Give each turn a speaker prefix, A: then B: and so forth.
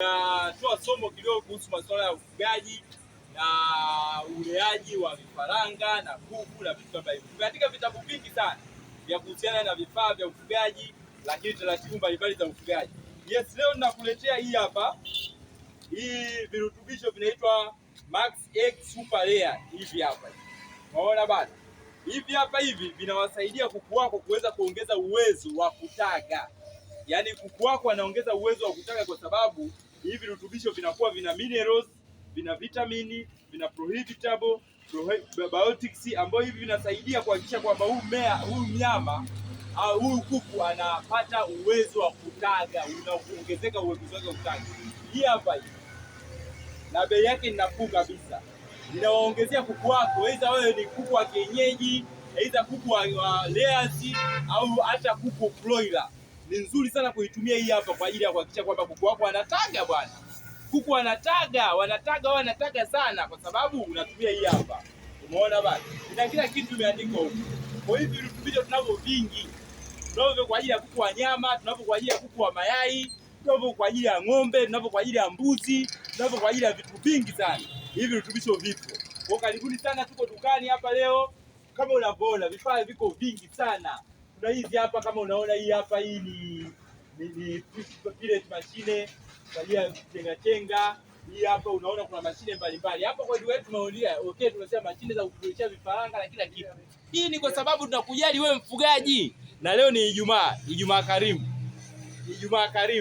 A: Natoa somo kidogo kuhusu masuala ya ufugaji na uleaji wa vifaranga na kuku na vitu kama hivyo. Katika vitabu vingi sana vya kuhusiana na vifaa vya ufugaji, lakini taratibu mbalimbali za ufugaji. Yes, leo nakuletea hii hapa, hii virutubisho vinaitwa Max X Super Layer. Hivi hapa unaona bana, hivi hapa hivi vinawasaidia kuku wako kuweza kuongeza uwezo wa kutaga yaani kuku wako anaongeza uwezo wa kutaga, kwa sababu hivi virutubisho vinakuwa vina minerals, vina vitamini, vina prohibitable probiotics, ambayo hivi vinasaidia kuhakikisha kwamba huu mmea huyu mnyama au huyu kuku anapata uwezo wa kutaga, unaongezeka uwezo wake wa kutaga. Hii hapa hii na bei yake ni nafuu kabisa, ninawaongezea kuku wako, aidha wewe ni kuku wa kienyeji, aidha kuku wa layers, au hata kuku broiler ni nzuri sana kuitumia hii hapa kwa ajili ya kuhakikisha kwamba kuku wako wanataga bwana. Kuku wanataga, wanataga, wanataga sana kwa sababu unatumia hii hapa. Umeona bwana? Ina kila kitu imeandikwa huko. Kwa hivyo virutubisho tunavyo vingi. Tunavyo kwa ajili ya kuku wa nyama, tunavyo kwa ajili ya kuku wa mayai, tunavyo kwa ajili ya ng'ombe, tunavyo kwa ajili ya mbuzi, tunavyo kwa ajili ya vitu vingi sana. Hivi virutubisho vipo. Kwa karibuni sana, tuko dukani hapa leo. Kama unavyoona vifaa viko vingi sana. Kuna hizi hapa, kama unaona hii hapa, hii ni ni ni mashine kwa ajili chenga chenga. Hii hapa unaona kuna mashine mbalimbali hapa. Kwa hiyo tumeulia. okay, tunasema mashine za kukurushia vifaranga na kila kitu. Hii ni kwa sababu tunakujali wewe mfugaji, na leo ni Ijumaa. Ijumaa karimu, Ijumaa karimu.